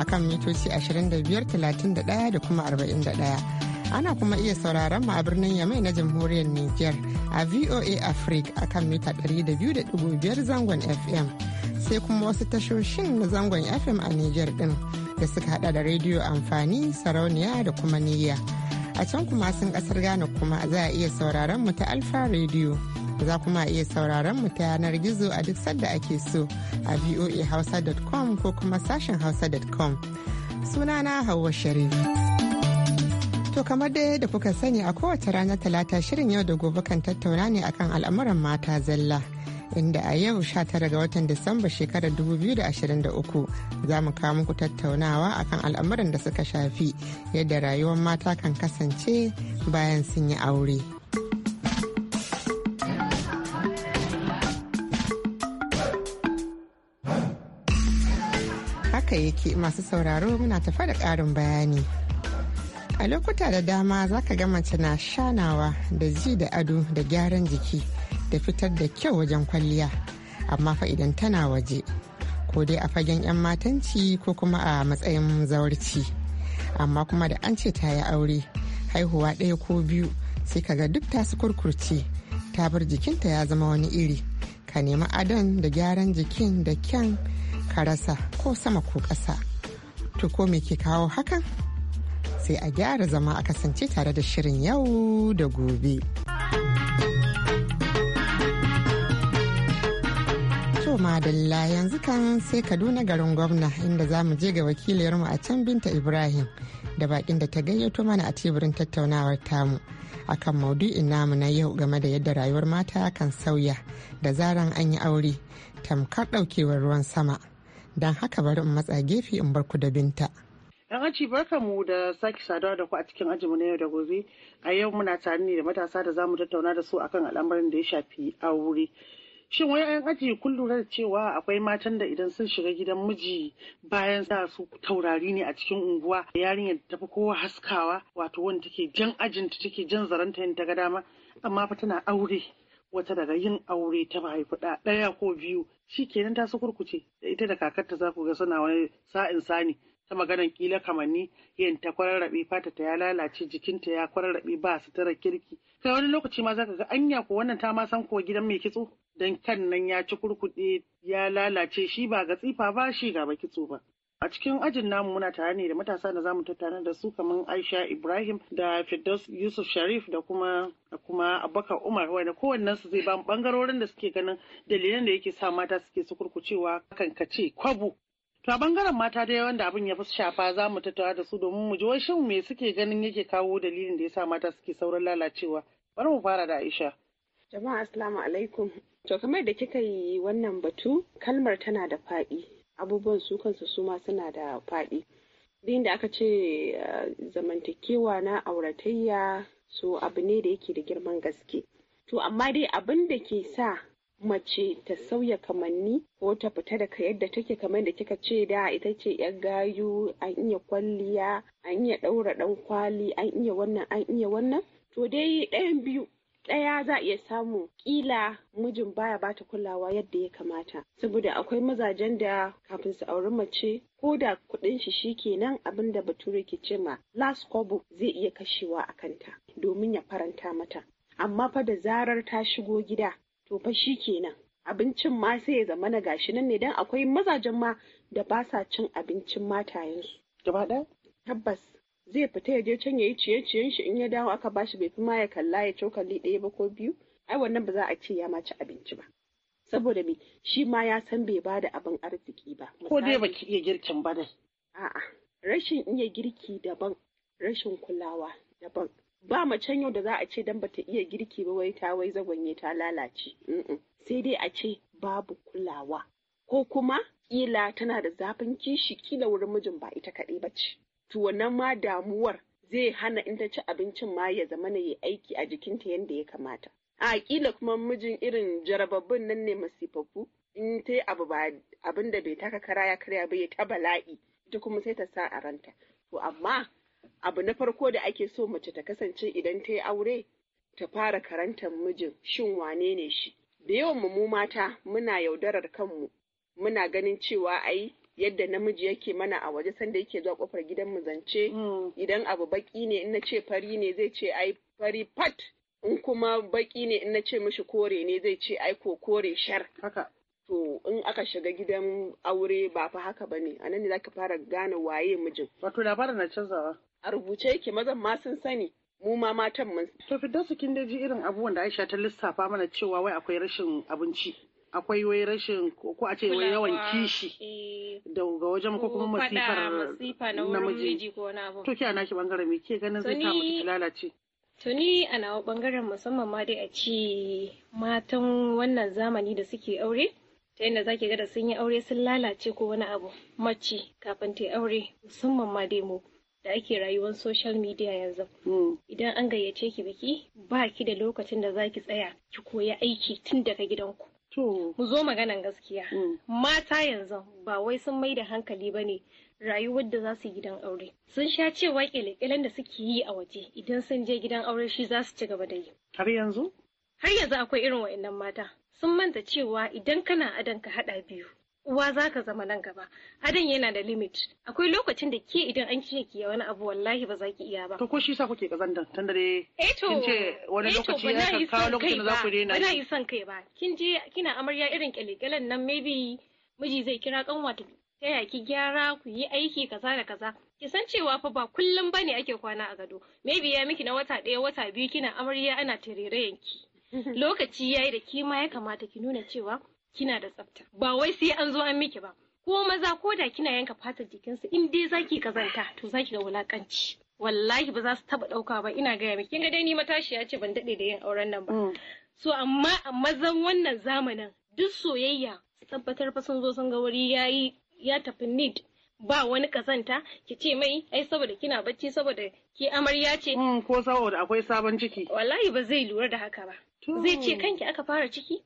akan mitoci 25,31 da kuma 41. Ana kuma iya sauraron mu a birnin Yamai na Jamhuriyar Nijar a VOA Africa akan mita 200.5 zangon FM. Sai kuma wasu tashoshin na zangon FM a Nijar din da suka hada da rediyo amfani, sarauniya da kuma niyya. A can kuma sun kasar Ghana kuma za a iya sauraron mu ta Alfa Radio. za kuma iya sauraron mu ta yanar gizo a duk sadda ake so a voahausa.com ko kuma sashen hausa.com sunana hauwa sharif to kamar dai da kuka sani a kowace ranar talata shirin yau da gobe kan tattauna ne akan al'amuran mata zalla inda a yau 19 ga watan Disamba shekarar 2023 za mu kawo muku tattaunawa akan al'amuran da suka shafi yadda rayuwar mata kan kasance bayan sun yi aure. haka yake masu sauraro muna tafa da ƙarin bayani. A lokuta da dama za ka ga mace na shanawa da ji da ado da gyaran jiki da fitar da kyau wajen kwalliya, amma fa idan tana waje, ko dai a fagen 'yan matanci ko kuma a matsayin zawarci. Amma kuma da an ce ta yi aure, haihuwa ɗaya ko biyu sai ka ga duk tasu su kurkurce, ta bar jikinta ya zama wani iri. Ka nemi adon da gyaran jikin da kyan ka rasa ko sama ko ƙasa to ko me ke kawo hakan sai a gyara zama a kasance tare da shirin yau da gobe to madalla yanzu kan sai kaduna garin gwamna inda za mu je ga wakiliyarmu a can binta ibrahim da bakin da ta gayyato mana a teburin tattaunawar tamu akan maudu'in namu na yau game da yadda rayuwar mata kan sauya da zaran an yi aure tamkar ɗaukewar ruwan sama don haka bari in matsa gefe in barku da binta. yan aji mu da sake saduwa da ku a cikin mu na yau da gobe a yau muna tare ne da matasa da zamu tattauna da su akan al'amarin da ya shafi aure shin wai yan aji kun lura da cewa akwai matan da idan sun shiga gidan miji bayan za su taurari ne a cikin unguwa yarinyar da tafi kowa haskawa wato wanda take jan ajinta take jan zaranta yin ta ga dama amma fa tana aure wata daga yin aure ta mahaifi ɗaya ko biyu shi kenan ta su kurkuce da ita da kakarta za ku ga suna wani sa'in sani ta maganan kila kamanni yin ta kwararrabe fata ta ya lalace jikinta ya kwararrabe ba su tara kirki kai wani lokaci ma zaka ga anya ko wannan ta ma san ko gidan mai kitso dan kan nan ya ci kurkuɗe ya lalace shi ba ga tsifa ba shi ga ba kitso ba A cikin ajin namu muna tare ne da matasa da zamu tattauna da su kamar Aisha Ibrahim da Firdaus Yusuf Sharif da kuma kuma Abubakar Umar wanda kowannen su zai ba mu bangarorin da suke ganin dalilan da yake sa mata suke sukurkucewa kan kace kwabu To a bangaren mata dai wanda abin ya fi shafa za mu tattauna da su domin mu ji wani shin me suke ganin yake kawo dalilin da yasa mata suke sauran lalacewa. Bari mu fara da Aisha. Jama'a assalamu alaikum. To kamar da kika yi wannan batu kalmar tana da faɗi abubuwan su kansu su ma suna da faɗi din da aka ce eh, zamantakewa na auratayya so abu ne da yake da girman gaske to amma dai abin da ke sa mace ta sauya kamanni ko ta fita daga yadda take kamar da kika ce da ita ce 'yan gayu an iya kwalliya an iya ɗaura ɗan kwali an iya wannan an iya wannan to dai ɗayan biyu ɗaya za a iya samu ƙila mijin baya bata kulawa yadda ya kamata saboda akwai mazajen da kafin su auri mace ko da kuɗin shi shi kenan abin da bature ke ce ma last kobo zai iya kashewa a kanta domin ya faranta mata amma fa da zarar ta shigo gida to fa shi kenan abincin ma sai ya zama na gashi nan ne dan akwai mazajen ma da ba sa cin abincin matayensu gaba ɗaya tabbas zai fita ya je can ya yi ciye-ciyen shi in ya dawo aka bashi bai fi ma ya kalla ya cokali ɗaya ba ko biyu ai wannan ba za a ce ya ma ci abinci ba saboda me shi ma ya san bai bada abin arziki ba ko dai baki iya girkin ba dai a'a rashin iya girki daban rashin kulawa daban ba can yau da za a ce dan bata iya girki ba wai ta wai zagwanye ta lalace sai dai a ce babu kulawa ko kuma kila tana da zafin kishi kila wurin mijin ba ita kaɗai ba ce to wannan ma damuwar zai hana in ta ci abincin ma ya zama na yi aiki a jikinta yadda ya kamata. A kila kuma mijin irin jarababbin nan ne masifaffu in ta yi abu ba abin da bai taka kara ya karya ba ya ta la'i, ita kuma sai ta sa a ranta. To amma abu na farko da ake so mace ta kasance idan ta yi aure ta fara karantar mijin shin wane ne shi. Da yawan mu mata muna yaudarar kanmu muna ganin cewa ai yadda namiji yake mana a waje sanda yake zuwa kofar gidan mu zance mm. idan abu baki ne in na ce fari ne zai ce ai fari pat in kuma baki ne in na ce mishi kore ne zai ce ai ko kore shar haka to in aka shiga gidan aure ba fa haka bane anan ne zaka fara gane waye mijin wato labarin na canzawa a rubuce yake mazan ma sun sani mu ma matan mun. To su kin daji irin abubuwan da Aisha ta lissafa mana cewa wai akwai rashin abinci. akwai wai rashin ko a ce wai yawan kishi eh. da wajen ko kuma masifar namiji to ke ana ki bangaren me ke ganin zai kama ki lalace tuni a nawa bangaren musamman ma dai a ce matan wannan zamani da suke aure ta yadda zaki ga da sun yi aure sun lalace ko wani abu mace kafin ta aure musamman ma dai mu da ake rayuwar social media yanzu. Hmm. Idan an gayyace ki biki ba ki da lokacin da za ki tsaya ki koya aiki tun daga gidanku. Mu zo maganan gaskiya. Mm. Mata yanzu ba wai sun mai da hankali ba ne rayuwar da za su yi gidan aure. Sun sha cewa kyalekyalen da suke yi a waje idan sun je gidan aure shi za su ci gaba da yi. Har yanzu? Har yanzu akwai irin wa'annan mata. Sun manta cewa idan kana adon ka haɗa biyu. uwa za ka zama nan gaba adan yana da limit akwai lokacin da ke idan an ce ki wani abu wallahi ba za ki iya ba to ko shi sa kuke kazandan tun da eh kin ce wani eh lokaci ya kawo lokacin da za ku daina ba yi son kai ba kin je kina amarya irin kyalekyalen nan maybe miji zai kira kanwa ta taya ki gyara ku yi aiki kaza da kaza ki san cewa fa ba kullum bane ake kwana a gado maybe ya miki na wata ɗaya wata biyu kina amarya ana tarerayen ki lokaci yayi da kima ya kamata ki nuna cewa kina da tsafta ba wai sai an zo an miki ba ko maza ko da kina yanka fatar jikinsu in dai zaki kazanta to zaki da wulakanci wallahi ba za su taba dauka ba ina gaya miki kin ga dai ni matashi ya ce ban dade da yin auren nan ba mm. so amma a mazan wannan zamanin duk soyayya tabbatar fa sun zo sun ga wuri yayi ya tafi need ba wani kazanta ki ce mai ai saboda kina bacci saboda ki amarya ce mm, ko saboda akwai sabon ciki wallahi ba zai lura da haka ba zai ce kanki aka fara ciki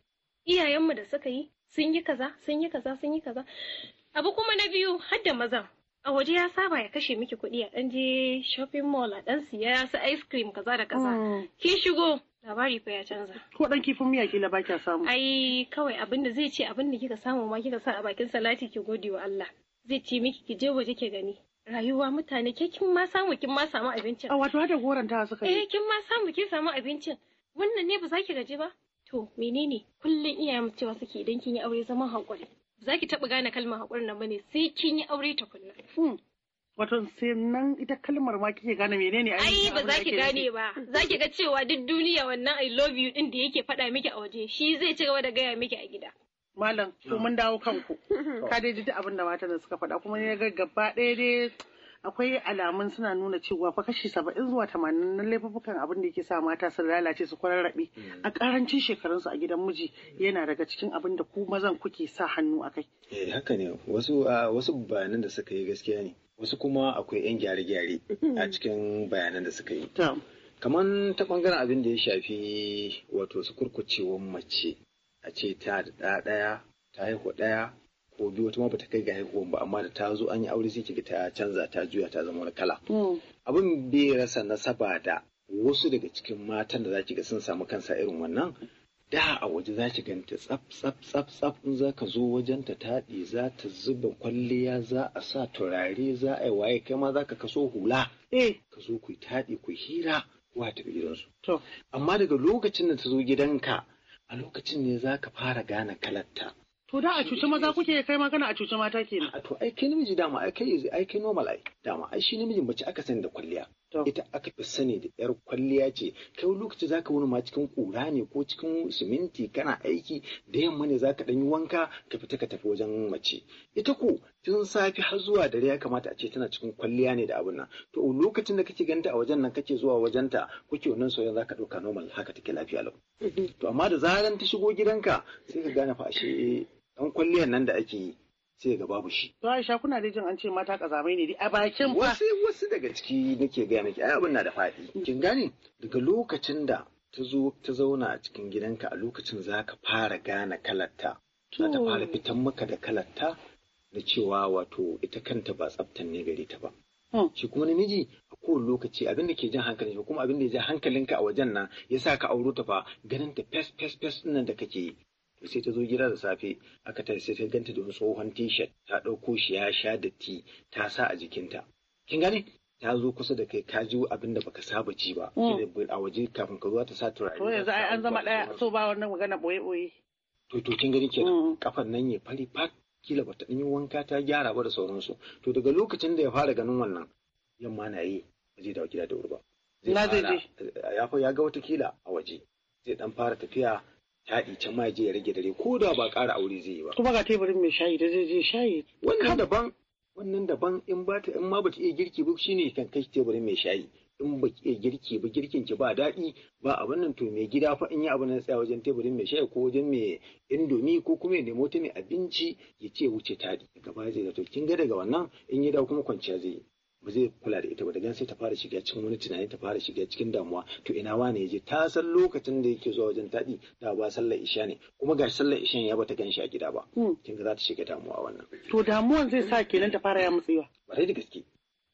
iyayenmu da suka yi sun yi kaza sun yi kaza sun yi kaza abu kuma na biyu har da mazan a waje ya saba ya kashe miki kuɗi a ɗan je shopping mall a ɗan siya su ice cream kaza da kaza mm. ki shigo labari fa ya canza ko ɗan kifin miya kila ba kya samu ai kawai abin da zai ce abin da kika samu ma kika sa a bakin salati ki gode wa Allah zai ce miki ki je waje ki gani rayuwa mutane ke kin ma samu kin ma samu abincin a wato hada goran suka suka eh kin ma samu kin samu abincin wannan ne ba za ki gaji ba to menene kullum iyaye mu cewa suke idan kin yi aure zaman hakuri za ki taɓa gane kalmar hakurin nan bane sai kin yi aure tukunna hmm. Wato sai nan ita kalmar ma kike gane menene ai ba zaki gane ba za ga cewa duk duniya wannan I love you din da yake fada miki a waje shi zai ci gaba da gaya miki a gida. Malam to mun dawo kanku ka dai ji duk abin da matan suka fada kuma ne ga gaba ɗaya dai akwai alamun suna nuna cewa fa kashi saba'in zuwa tamanin na laifukan abin da yake sa mata su lalace su rabe mm. a karancin shekarunsu a gidan miji yana daga cikin abin da ku mazan kuke sa hannu a kai. Eh haka ne wasu wasu bayanan da suka yi gaskiya ne wasu kuma akwai yan gyare-gyare a mm. cikin bayanan da suka yi. Kaman ta bangaren abin da ya shafi wato su kurkucewan mace a ce ta da ɗaya ta haihu ɗaya ko biyu wata ma bata kai ga haihuwan ba amma da ta zo an yi aure sai kiga ta canza ta juya ta zama wani kala hmm. abin bai rasa nasaba da wasu daga cikin matan da zaki ga sun samu kansa irin wannan da a waje zaki ganta tsaf tsaf tsaf tsaf in za ka zo wajen ta taɗi za ta zuba kwalliya za a sa turare za a yi waye kai ma za ka kaso hula eh ka zo ku taɗi ku hira wa tafi gidansu to amma daga lokacin da ta zo gidanka a lokacin ne za ka fara gane kalarta To da a cuci maza kuke kai magana a cuci mata kenan. To ai kai namiji dama ai kai ai kai normal ai dama ai shi namijin mace aka sani da kwalliya. ita aka fi sani da yar kwalliya ce kai lokaci zaka wani ma cikin kura ne ko cikin siminti kana aiki da yamma ne zaka dan yi wanka ka fita ka tafi wajen mace ita ko tun safi har zuwa dare ya kamata a ce tana cikin kwalliya ne da abun nan to lokacin da kake ganta a wajen nan kake zuwa wajen ta kuke wannan soyayya zaka dauka normal haka take lafiya lau mm-hmm. to amma da zaran ta shigo gidanka sai ka gane fa ashe dan kwalliyar nan da ake yi sai ga babu shi. To Aisha kuna da jin an ce mata kazamai ne a bakin fa. Wasu wasu daga ciki nake gaya miki ai abin na da faɗi. Kin gane daga lokacin da ta zo ta zauna a cikin gidanka a lokacin za ka fara gane kalarta. Za ta fara fitan maka da kalarta da cewa wato ita kanta ba tsaftan ne gare ta ba. Hmm. Shi kuma namiji a kowane lokaci abin da ke jan hankalin shi kuma abin da ya ja hankalinka a wajen nan ya sa ka auro ta fa ganin ta fes fes fes nan da kake to sai ta zo gida da safe aka ta sai ta ganta da wani tsohon t-shirt ta ɗauko shi ya sha da ti ta sa a jikinta kin gane ta zo kusa da kai ka ji abin da baka saba ji ba mm. a waje kafin ka zo ta sa turare to yanzu an zama ɗaya so ba wannan magana boye boye to to kin gani kenan kafan mm. nan ya fari fat kila bata ɗan yi wanka ta gyara ba da sauransu to daga lokacin da ya fara ganin wannan yamma na yi ba zai dawo gida da wuri ba Na zai je. Eh, ya ga wata kila a waje zai ɗan fara tafiya Yaɗi can ma ya rage dare ko da ba ƙara aure zai yi ba. Kuma ga teburin mai shayi da zai je shayi. Wannan daban wannan daban in ba ta in ma ta iya girki ba shi ne kan kai teburin mai shayi. In ba baki iya girki ba girkin ki ba daɗi ba abin nan to mai gida fa in yi abin nan tsaya wajen teburin mai shayi ko wajen mai indomi ko kuma ya nemo ta mai abinci ya ce wuce taɗi. Gaba zai zato kin ga daga wannan in ya dawo kuma kwanciya zai yi. ba zai kula da ita ba daga sai ta fara shiga cikin wani tunani ta fara shiga cikin damuwa to ina wane ya je ta san lokacin da yake zuwa wajen taɗi da ba sallar isha ne kuma ga sallar isha ya bata ganshi a gida ba hmm. kin ga za ta shiga damuwa wannan to damuwan zai sa kenan ta fara ya mutsewa ba da gaske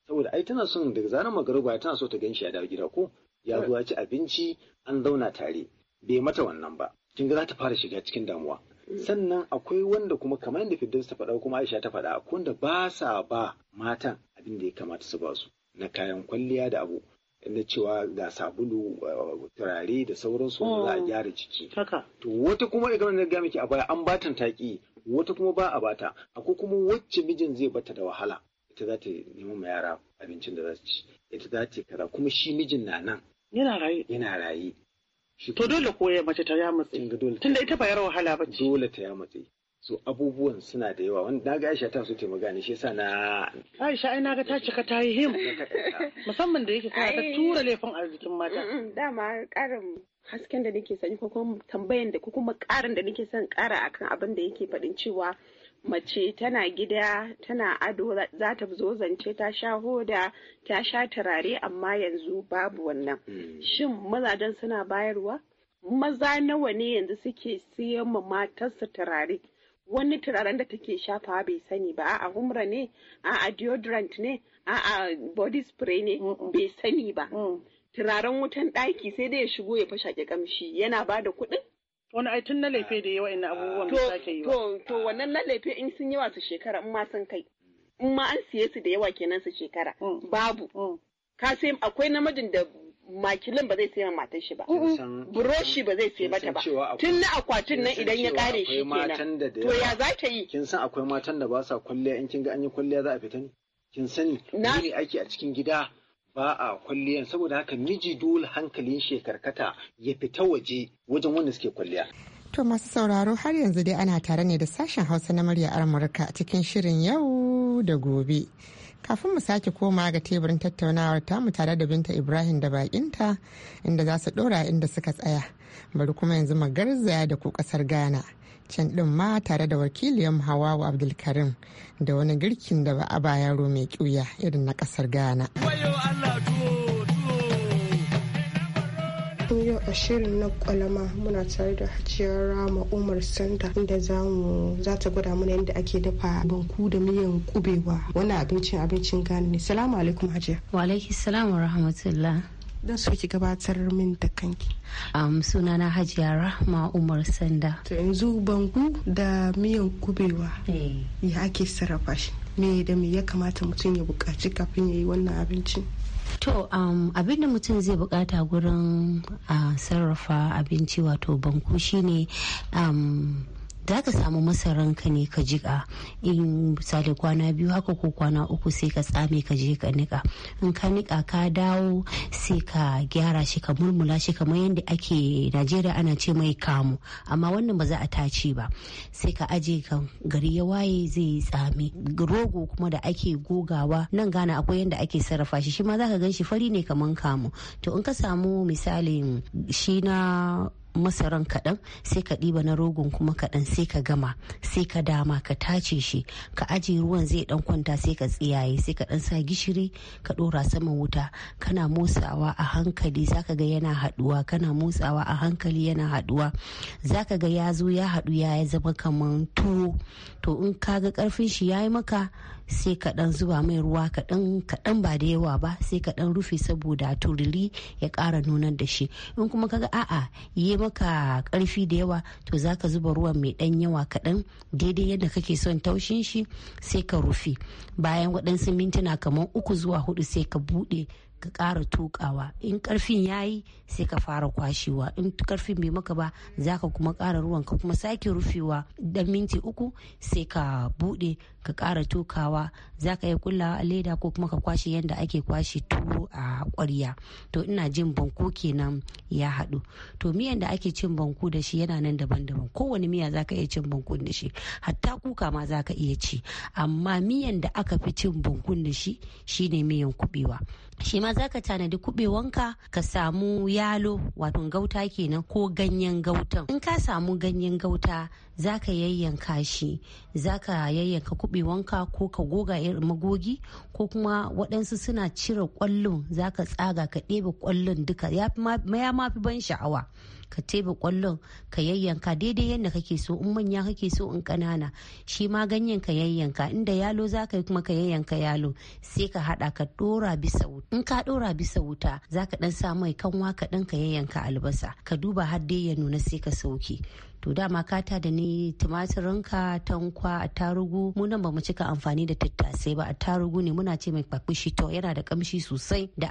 saboda ai tana son daga zaran magaruba tana so ta ganshi a gida ko ya zuwa ci abinci an zauna tare bai mata wannan ba kin ga za ta fara shiga cikin damuwa sannan akwai wanda kuma kamar yadda Firdaus ta faɗa kuma Aisha ta faɗa akwai wanda ba sa ba matan abin da ya kamata su ba su na kayan kwalliya da abu na cewa ga sabulu uh, turare da sauransu da za a mm. gyara jiki to wata kuma kamar na gami a baya an batan taki wata kuma ba a bata akwai kuma wacce mijin zai bata da wahala ita za ta nemi ma yara abincin da za su ci ita za ta kaza kuma shi mijin na nan yana raye yana raye to dole ko ya mace ta ya matsi dole tunda ita ba yar wahala ba ce dole ta ya matsi so abubuwan suna da yawa wanda na ga Aisha ta so ta ne shi yasa na Aisha ai na ga ta cika ta yi him musamman da yake tana ta tura laifin a jikin mata dama karin hasken da nake sani ko kuma tambayan da ko kuma karin da nake son kara akan abin da yake faɗin cewa mace tana gida tana ado za ta zo zance ta sha hoda ta sha turare amma yanzu babu wannan mm. shin mazajen suna bayarwa maza nawa ne yanzu suke siyan ma matarsa turare wani turaren da take shafawa bai sani ba a humra ne a'a deodorant ne a'a body spray ne bai sani ba mm. turaren wutan ɗaki sai dai ya shigo ya fashe kamshi yana ba da kuɗin wani aitun tun na laife da yawa ina abubuwan da sake yi to to wannan na laife in sun yawa su shekara in ma sun kai in ma an siye su da yawa kenan su shekara mm. babu mm. ka sai akwai namijin da makilin ba zai sai ma matar shi ba buroshi ba zai sai mata ba tun na akwatin nan idan ya kare shi kenan to ya za yi kin san akwai matan da ba sa kwalliya in kin ga an yi kwalliya za a fita ne kin sani ne ake a cikin gida ba a kwalliyan saboda haka miji dole hankalin shekarkata karkata ya fita waje wajen wanda suke kwalliya. To masu sauraro har yanzu dai ana tare ne da sashen Hausa na murya Amurka cikin shirin yau da gobe. Kafin mu sake koma ga teburin tattaunawar tamu tare da Binta Ibrahim da bakinta inda za su dora inda suka tsaya. Bari kuma yanzu garzaya da ku kasar Ghana. can ɗin ma tare da wakiliyan hawawu abdulkarim da wani girkin da ba a bayaro mai ƙuya irin na ƙasar ghana yau a shirin na kwalama muna tare da hajiyar rama umar sanda inda za mu za ta gwada mana yadda ake dafa banku da miyan kubewa wani abincin abincin gani ne salamu alaikum hajiya wa alaikum rahmatullah don so ki gabatar min da kanki um, suna na hajiya rahma umar sanda to yanzu bangu da miyan kubewa eh. ya ake sarrafa shi me da me ya kamata mutum ya buƙaci kafin ya yi wannan abinci. To um, abin da mutum zai bukata gurin uh, sarrafa abinci wato banku shine um, za ka samu masaran ka ne ka jiƙa in misali kwana biyu haka ko kwana uku sai ka tsame ka je ka nika in ka nika ka dawo sai ka gyara shi ka mulmula shi kamar yadda ake najeriya ana ce mai kamu amma wannan ba za a tace ba sai ka aje ka gari ya waye zai tsame rogo kuma da ake gogawa nan gana akwai yadda ake sarrafa shi shi ma za ka gan shi fari ne kamar kamu to in ka samu misalin shi na masaran kaɗan sai ka ɗiba na rogon kuma kaɗan sai ka gama sai ka dama ka tace shi ka ajiye ruwan zai ɗan kwanta sai ka tsiyaye sai ka ɗan sa gishiri ka ɗora saman wuta kana motsawa a hankali zaka ga yana haɗuwa kana motsawa a hankali yana haɗuwa zaka ga ya zo ya haɗu ya zama kaman tuwo to in ka ga ƙarfin shi ya yi maka sai ka ɗan zuba mai ruwa kaɗan kaɗan ba da yawa ba sai ka ɗan rufe saboda tururi ya ƙara nunar da shi in kuma ka ga a'a yi maka karfi da yawa to za ka zuba ruwan mai dan yawa kaɗan daidai yadda kake son taushin shi sai ka rufe bayan waɗansu mintuna kamar uku zuwa hudu sai ka buɗe ka ƙara tukawa in karfin ya yi sai ka fara kwashewa in karfin bai maka ba za ka kuma ƙara ruwan ka kuma sake rufewa dan minti uku sai ka buɗe ka ƙara tukawa za ka iya kullawa a leda ko kuma ka kwashe yadda ake kwashe tuwo a kwarya to ina jin banku kenan ya haɗu to miyan da ake cin banku da shi yana nan daban-daban kowane miya za ka iya cin banku da shi hatta kuka ma za ka iya ci amma miyan da aka fi cin banku da shi shine miyan kubewa shi ma za ka tanadi kubewanka ka samu yalo wato gauta kenan ko ganyen gautan in ka samu ganyen gauta za ka yayyanka shi za ka yayyanka kubewanka ko ka goga irin magogi ko kuma waɗansu suna cire ƙwallon za ka tsaga ka ɗebe ƙwallon duka ya ma fi ban sha'awa ka teba ƙwallon ka yayyanka daidai yadda kake so in manya kake so in ƙanana shi ma ganyen ka yayyanka inda yalo za ka yi kuma ka yayyanka yalo sai ka hada ka dora bisa wuta in ka dora bisa wuta za ka dan sa mai kanwa ka dan ka yayyanka albasa ka duba har dai ya nuna sai ka sauke to dama kata da ni tumatirinka tankwa a tarugu. mu nan bamu cika amfani da tattasai ba A tarugu ne muna ce mai kwakwishi to yana da kamshi sosai da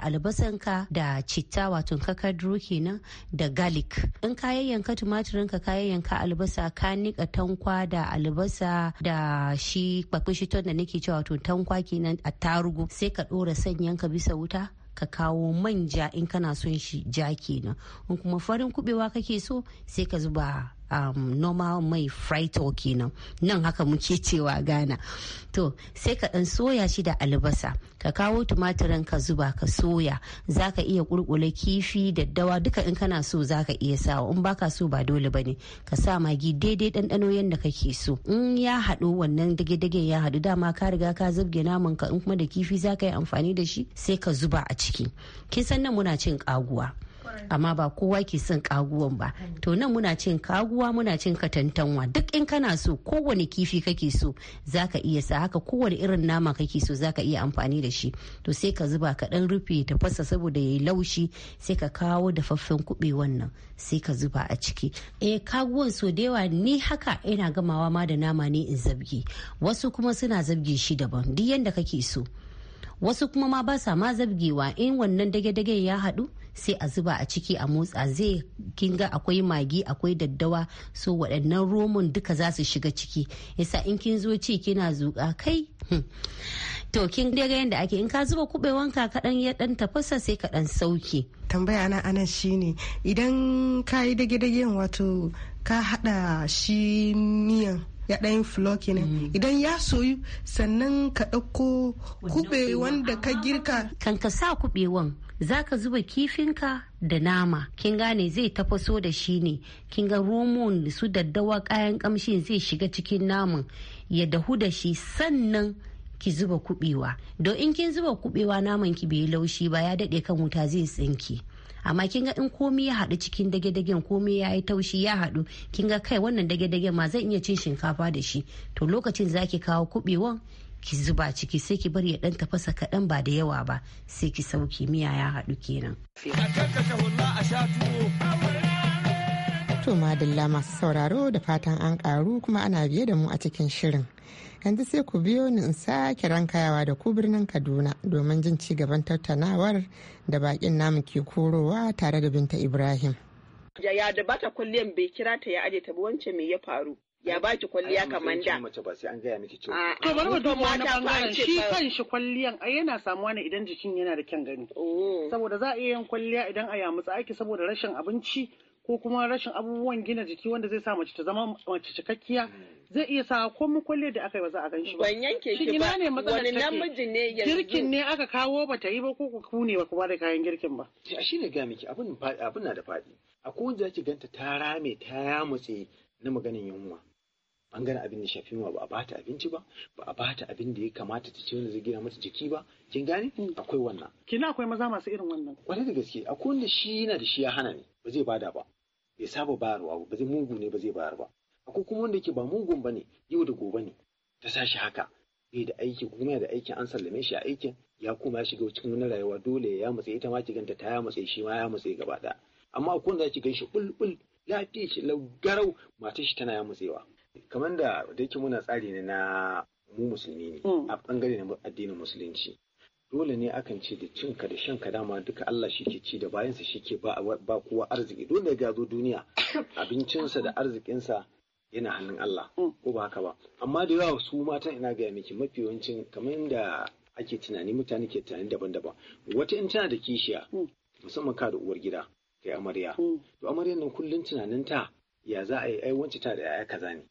ka da citta wato kakadru kenan da garlic in ka yayyanka tumatirinka ka yayyanka albasa ka nika tankwa da albasa da shi kwakwishi to da nake cewa wato tankwa kenan a tarugu. sai ka dora sanyanka bisa wuta ka kawo manja in kana son shi ja kenan kuma farin kubewa kake so sai ka zuba um, normal mai fraito kenan nan haka muke cewa ghana to sai ka dan soya shi da albasa ka kawo tumatirin ka zuba ka soya zaka iya kurkula kifi da dawa duka in kana so zaka iya sawa in baka so ba dole bane ka sa magi daidai ɗanɗano yanda kake so in ya haɗu wannan dage-dage ya haɗu dama ka riga ka zubge naman ka in kuma da kifi zaka yi amfani da shi sai ka zuba a ciki kin san nan muna cin kaguwa amma ba kowa ke son kaguwan ba to nan muna cin kaguwa muna cin katantanwa duk in kana so kowane kifi kake so zaka iya sa haka kowane irin nama kake so zaka iya amfani da shi to sai ka zuba ka dan rufe ta fasa saboda yayi laushi sai ka kawo dafaffen kube wannan sai ka zuba a ciki eh kaguwan so da yawa ni haka ina gamawa ma da nama ne in zabge wasu kuma suna zabge shi daban duk yanda kake so wasu kuma ma ba sa ma zabgewa in wannan dage-dage ya haɗu sai a zuba a ciki a motsa zai kinga akwai magi akwai daddawa so waɗannan romon duka za su shiga ciki yasa in kin zo ci kina zuƙa kai hmm. to kin dai yadda ake in ka zuba kuɓewanka kaɗan ya ɗan tafasa sai kaɗan sauke tambaya na anan shine idan ka yi dage dage wato ka haɗa shi miyan ya yin fulo kenan idan ya soyu sannan ka ɗauko kube wanda ka girka kan ka sa kubewan zaka zuba kifinka da nama kin gane zai tafaso da shi ne kin ga roman su daddawa kayan kamshin zai shiga cikin naman ya dahu da shi sannan ki zuba kubewa don in kin zuba kubewa naman ki bai laushi ba ya dade kan wuta zai tsinki amma kin ga in komai ya haɗu cikin dage-dagen komai ya yi taushi ya haɗu kin ga kai wannan dage-dagen ma zan iya cin shinkafa da shi to lokacin zaki kawo kubewan ki zuba ciki sai ki bari ya dan tafasa kaɗan ba da yawa ba sai ki sauki miya ya haɗu kenan. To madalla masu sauraro da fatan an karu kuma ana biye da mu a cikin shirin. Yanzu sai ku biyo ni in sake rankayawa da ku birnin Kaduna domin jin ci gaban tattaunawar da bakin namu ke korowa tare da Binta Ibrahim. Ya da bata kulliyan bai kira ta ya aje ta wance me ya faru. ya ba ki kwalliya kamar da. mace ba sai an gaya miki cewa. To bari mu duba bangaren shi shi kwalliyan ai yana samuwa ne idan jikin yana da kyan gani. Oh. Saboda za a iya yin kwalliya idan a yamutsa aiki saboda rashin abinci ko kuma rashin abubuwan gina jiki wanda zai sa mace ta zama mace cikakkiya hmm. zai iya sa ko mu kwalliya da aka yi ba za a gan shi ba. Ban yanke shi ba. wani namiji ne yanzu. Girkin ne aka kawo ba ta yi ba ko ku ne ba ku ba da kayan girkin ba. Shi ne ga miki abin na da faɗi. Akwai wanda zaki ganta ta rame ta yamutse na maganin yunwa. An gani abin da shafi ma ba a bata abinci ba ba a bata abin da ya kamata ta ci wanda zai gina mata jiki ba kin gane mm. akwai wannan kina akwai maza masu irin wannan kwarai da gaske akwai wanda shi yana da shi ya hana ne ba zai bada ba bai saba bayarwa ba zai mugu ne ba zai bayar ba akwai kuma wanda yake ba mugun ba ne yau da gobe ne ta sa shi haka bai da aiki kuma da aiki an sallame shi a aikin ya koma ya shiga cikin wani rayuwa dole ya matsayi ita ma ki ganta ta ya matsayi shi ma ya matsayi gaba daya amma akwai wanda ki gan shi bulbul lafiya shi lau garau matar shi tana ya matsewa kamar da da yake muna tsari ne na mu musulmi ne mm. a bangare na addinin musulunci dole ne akan ce da cinka da shanka dama duka Allah shi ke ci da bayansa shi ke ba kowa arziki dole ga zo duniya abincinsa da arzikinsa yana hannun Allah mm. ko ba haka ba amma da yawa su matan ina gaya miki mafi yawancin kamar da ake tunani mutane ke tunani daban-daban wata in tana da kishiya mm. musamman ka da uwar gida kai amarya to amaryan nan kullun tunanin ta ya za a yi ai ta da yaya kaza ne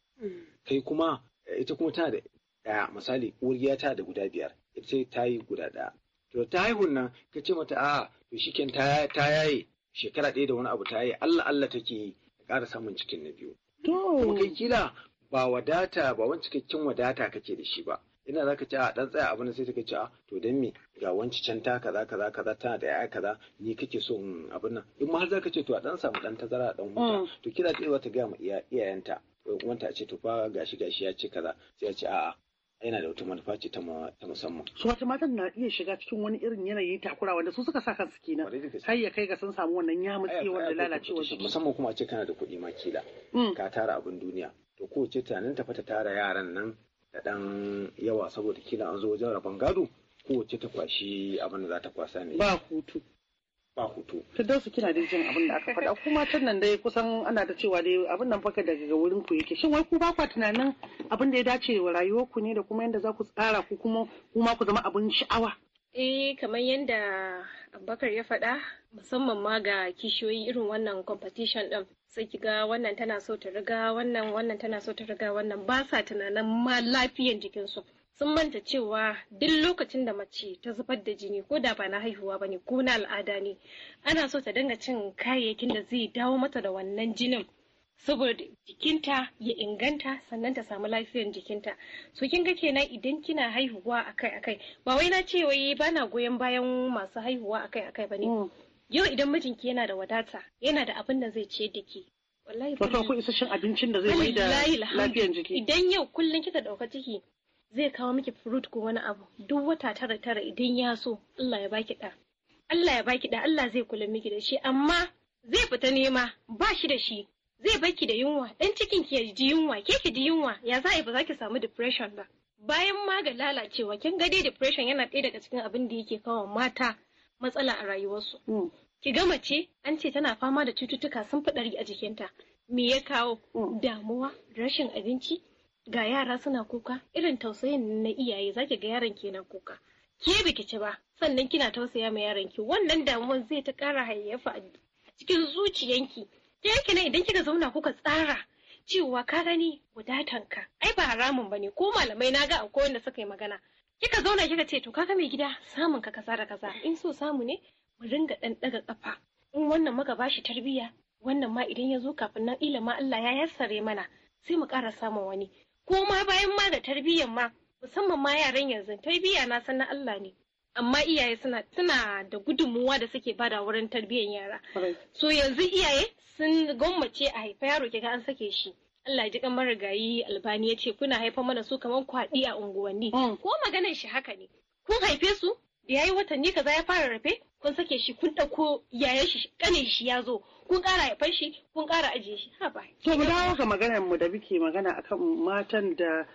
kai kuma eh, ita kuma tana da ɗaya misali uwar ta da guda biyar ita ta yi guda ɗaya to ta haihun nan ka ce mata a, to ken ta yaye shekara ɗaya da wani abu ta yaye Allah Allah take yi ta ƙara samun cikin na biyu kuma kai kila ba wadata ba wani cikakken wadata kake da shi ba ina za ka ce a ɗan tsaya abin sai ta ce a to dan me ga wancan can ta kaza kaza kaza tana da yaya kaza ni kake so abin nan in ma har za ka ce to a ɗan samu ɗan tazara ɗan wuta mm. to kila ta ta gaya ma iyayenta wanta a ce to fa gashi gashi ya ce kaza sai ya ce a'a yana da wata manufa ce ta musamman. su wata matan na iya shiga cikin wani irin yanayi takura wanda su suka sa kansu kenan har ya kai ga sun samu wannan ya mutse wanda lalacewa jiki musamman kuma a ce kana da kuɗi ma kila mm. ka tara abin duniya to ko ce tunanin ta fata tara yaran nan da ɗan yawa saboda kila an zo wajen rabon gado kowace ta kwashi abin da za ta kwasa ne ba hutu ba hutu. Ta da su kina da jin abin da aka faɗa kuma can nan dai kusan ana ta cewa dai abin nan faka daga wurin ku yake shin wai ku ba kwa tunanin abin da ya dace wa rayuwar ku ne da kuma yadda za ku tsara ku kuma kuma ku zama abin sha'awa. Eh kamar yadda Abubakar ya faɗa musamman ma ga kishiyoyi irin wannan competition ɗin sai ki ga wannan tana so ta riga wannan wannan tana so ta riga wannan ba sa tunanin ma lafiyan jikinsu. sun manta cewa duk lokacin da mace ta zubar da jini ko da ba na haihuwa bane ko na al'ada ne ana so ta dinga cin kayayyakin da zai dawo mata da wannan jinin saboda jikinta ya inganta sannan ta samu lafiyar jikinta so kin ga kenan idan kina haihuwa akai akai ba wai na ce wai bana goyon bayan masu haihuwa akai akai bane mm. yau idan mijinki yana da wadata yana da abin da zai ce da ke wallahi ko isasshen abincin da zai mai da lafiyar jiki idan yau kullun kika dauka ciki zai kawo miki fruit ko wani abu duk wata tara tara idan ya so Allah ya baki ɗa. Allah ya baki da Allah zai kula miki da shi amma zai fita nema ba shi da shi zai baki da yunwa Dan cikin ki ji yunwa ke ki ji yunwa ya za ba za ki samu depression ba. Bayan ma ga lalacewa kin ga dai depression yana ɗaya daga cikin abin da yake kawo mata matsala a rayuwarsu. Mm. Ki gama ce. an ce tana fama da cututtuka sun fi ɗari a jikinta. Me ya kawo? Mm. Damuwa, rashin abinci, ga yara suna kuka irin tausayin na iyaye zaki ga yaron kenan kuka ke biki ci ba sannan kina tausaya ma yaron ki wannan damuwan zai ta kara hayyafa a cikin zuciyanki ke ne idan kika zauna kuka tsara cewa ka gani wadatan ka. ai ba haramun bane ko malamai na ga akwai wanda suka yi magana kika zauna kika ce to kaga mai gida samun ka kaza da kaza in so samu ne mu ringa dan daga kafa in wannan muka bashi tarbiyya wannan ma idan ya zo kafin nan ila Allah ya yassare mana sai mu kara samun wani ko ma bayan ma da tarbiyyan ma musamman ma yaran yanzu tarbiyya na san na Allah ne amma iyaye suna suna da gudunmuwa da suke bada wurin tarbiyyar yara so yanzu iyaye sun gwammace a haifa yaro kiga an sake shi Allah ji kan marigayi albani ya ce kuna haifa mana su kamar kwaɗi a unguwanni mm. ko maganar shi haka ne kun haife su da yayi watanni kaza ya fara rafe kun sake shi kun ɗauko yayan shi ƙane shi ya zo kun ƙara haifar shi kun ƙara ajiye shi ha ba. To mu dawo ga maganar mu da muke magana akan matan da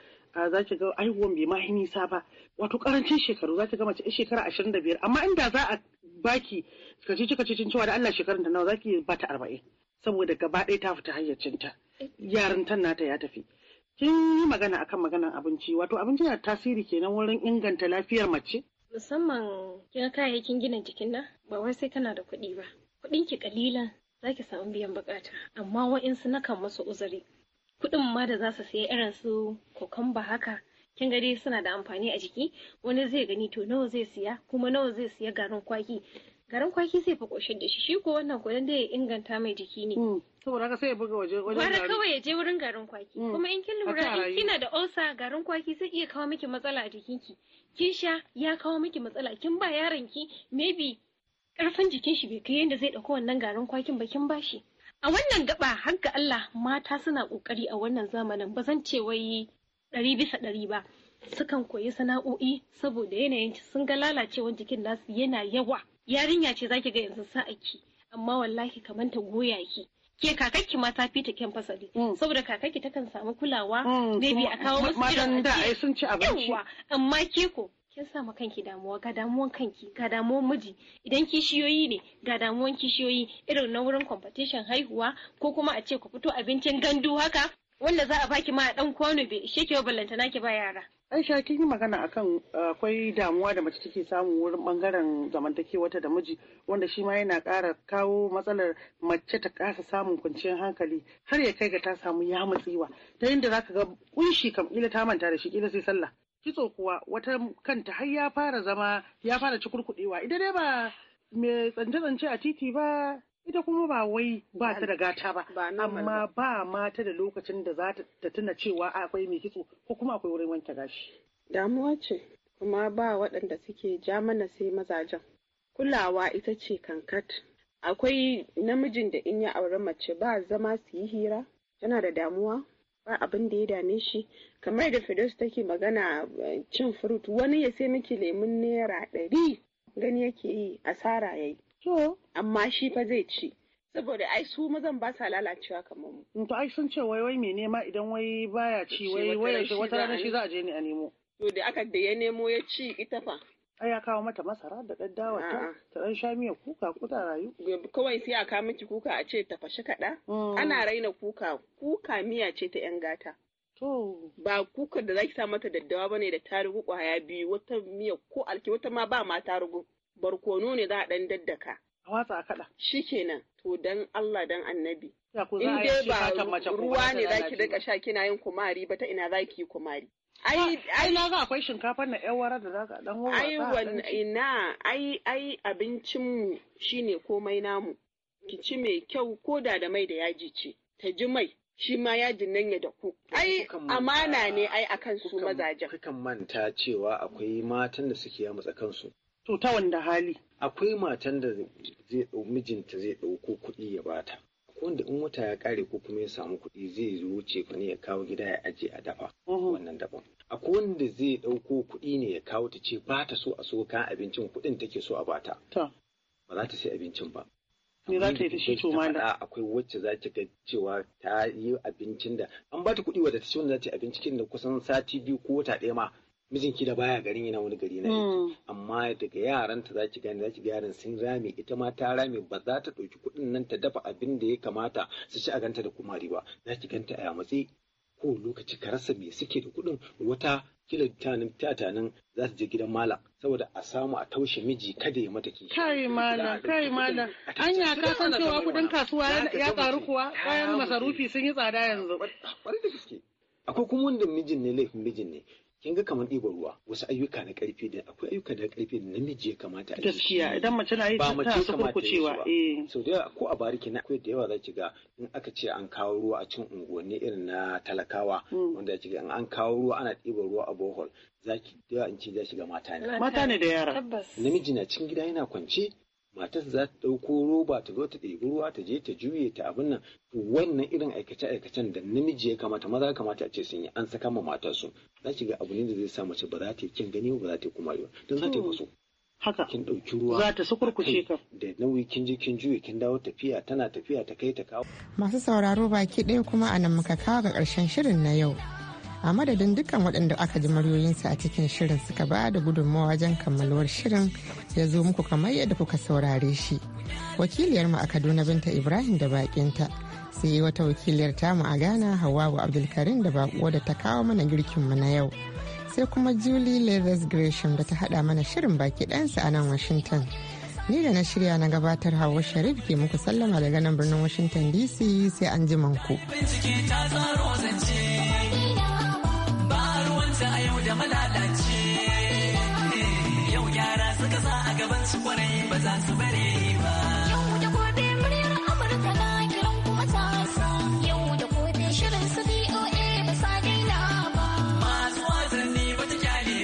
za ki ga aihuwan bai ma nisa ba wato karancin shekaru za ki ga mace shekara ashirin da biyar amma inda za a baki ci kika cin cewa da Allah shekarun da nawa za ki ba ta arba'in saboda gaba ɗaya ta fita hayyacinta yarintan nata ya tafi. Kin yi magana akan maganan abinci wato abinci na tasiri kenan wurin inganta lafiyar mace musamman kina kayayyakin gina jikin nan ba wai sai kana da kuɗi ba kuɗin ki kalilan za ki samu biyan bukata amma wa'insu na kan masu uzuri kuɗin ma da za su sayi irin su kokamba haka kin ga dai suna da amfani a jiki wani zai gani to nawa zai siya kuma nawa zai siya garin kwaki garin kwaki zai fa koshin da shi shi ko wannan ko dai ya inganta mai jiki ne hmm. saboda haka sai ya buga waje wajen kawai ya je wurin garin kwaki mm. kuma in kin lura in kina da osa garin kwaki zai iya kawo miki matsala a ki kin sha ya kawo miki matsala kin ba yaron ki maybe karfin jikin shi bai kai yadda zai ɗauko wannan garin kwakin ba kin ba shi. a wannan gaba har ga Allah mata suna kokari a wannan zamanin ba zan ce wai ɗari bisa ɗari ba sukan koyi sana'o'i saboda yanayin sun ga lalacewar jikin nasu yana yawa yarinya ce zaki ga yanzu sa'aki amma wallahi kamar ta goya ki ke kakakki fi ta kyan fasali mm. saboda kakakki takan samu kulawa mm, bi a kawo musu da ai sun ci abinci amma ke ko kin sa kanki damuwa ga damuwan kanki ga damuwan miji idan kishiyoyi ne ga damuwan kishiyoyi irin na wurin competition haihuwa ko kuma a ce ku fito abincin gandu haka wanda za a baki ma a dan kwano bai ishe ki ballanta naki ba yara Aisha kin yi magana akan eh, akwai damuwa da mace take samu wurin bangaren zamantakewata da miji wanda shi ma yana ƙara kawo matsalar mace ta kasa samun kwanciyar hankali har ya kai ga ta samu ya matsiwa ta yadda zaka ga kunshi kam ila ta manta da shi kila sai sallah kitso kuwa wata kanta har ya fara zama ya fara cikurkuɗewa idan dai ba mai tsance-tsance a titi ba ita kuma ba wai ba ta da gata ba amma ba mata da lokacin da za ta tuna cewa akwai mai kitso ko kuma akwai wurin wanke gashi damuwa ce kuma ba waɗanda suke ja mana sai mazajen kulawa ita ce kankat akwai namijin da in ya auri mace ba zama su yi hira tana da damuwa ba abin da ya dame shi kamar da fidus take magana eh, cin furut wani ya sai miki lemun naira ɗari gani yake yi asara yayi. Amma shi fa zai ci. Saboda ai su mazan ba sa lalacewa kamar mu. To ai sun ce wai wai me nema idan wai baya ci wai wai wata rana shi za a je ne a nemo. To da aka da ya nemo ya ci ita fa. Ai ya kawo mata masara da daddawa ta ta ɗan sha miya kuka kuta rayu. Kawai sai a miki kuka a ce ta fashi kaɗa. Mm. Ana raina kuka kuka miya ce ta 'yan gata. To. Ba kuka da zaki sa mata daddawa bane da tarugu kwaya biyu wata miya ko alki wata ma ba ma tarugu. farko ne za a ɗan daddaka. A watsa a kaɗa. Shi kenan, to dan Allah dan annabi. In dai ba ruwa ne za ki rika sha kina yin kumari ba ta ina za ki yi kumari. Ai, na ga akwai shinkafa na yan wara da za ka ɗan wara. Ai, ina, ai, ai abincinmu shine komai namu. Ki ci mai kyau ko da da mai da yaji ce, ta ji mai. shi ma yajin nan ya daku. Ai, amana ne ai akan su mazajen. Kukan manta cewa akwai matan da suke yamutsa kansu. To ta wanda hali? Akwai matan da zai mijinta zai ɗauko kuɗi ya bata. wanda in wata ya kare ko kuma ya samu kuɗi zai zo wuce fa ne ya kawo gida ya aje a dafa wannan daban akwai wanda zai ɗauko kuɗi ne ya kawo ta ce ba ta so a so ka abincin kuɗin take so a bata ba za ta sai abincin ba me za ta yi ta shi to mala akwai wacce za ki ga cewa ta yi abincin da an ba ta kuɗi wadda ta ce wanda za ta yi abincin da kusan sati biyu ko wata ɗaya ma mijinki da baya garin yana wani gari na hmm. amma daga yaranta za ki gane za ki yaran sun rame ita ma ta rame ba za ta ɗauki kuɗin nan ta dafa abin da ya kamata su ci a ganta da kumari ba za ki ganta a yamatse ko lokaci ka rasa me suke da kuɗin wata kila tatanin za su je gidan malam saboda a samu a taushe miji kada ya mata kishi. Kai mala kai mala Anya ka san cewa kuɗin kasuwa ya karu kuwa bayan masarufi sun yi tsada yanzu. da Akwai kuma wanda mijin ne laifin mijin ne kin ga kamar ɗiba ruwa wasu ayyuka na ƙarfi da akwai ayyuka da ƙarfi da namiji ya kamata a gaskiya idan mace na yi ba mace kamata cewa eh so da ko a bariki na akwai da yawa za ki ga in aka ce an kawo ruwa a cikin unguwanni irin na talakawa mm. wanda ki ga an kawo ruwa ana ɗiba ruwa a bohol zaki da yawa in ce za shiga mata ne mata ne da yara namiji na cikin gida yana kwance matar za ta ɗauko roba ta zo ta ɗebi ruwa ta je ta juye ta abin nan to wannan irin aikace aikacen da namiji ya kamata maza kamata a ce sun yi an saka ma matarsu su za ki ga abu ne da zai sa mace ba za ta yi kin gani ba za ta yi kuma ba don za ta yi faso haka kin ɗauki ruwa za ta sukurkushe ka da nauyi kin je kin juye kin dawo tafiya tana tafiya ta kai ta kawo masu sauraro baki ɗaya kuma a nan muka kawo ga ƙarshen shirin na yau a madadin dukkan waɗanda aka ji muryoyinsu a cikin shirin suka ba da gudunmawa wajen kammaluwar shirin ya zo muku kamar yadda kuka saurare shi wakiliyar mu a kaduna binta ibrahim da bakinta sai yi wata wakiliyar tamu a ghana wa abdulkarim da baƙo da ta kawo mana girkin mu na yau sai kuma julie leathers gresham da ta haɗa mana shirin baki ɗansa a nan washington ni da na shirya na gabatar hawa sharif ke muku sallama daga nan birnin washington dc sai an ji manku. da malalace eh, yau yara suka sa a gaban su kwarai ba za su bari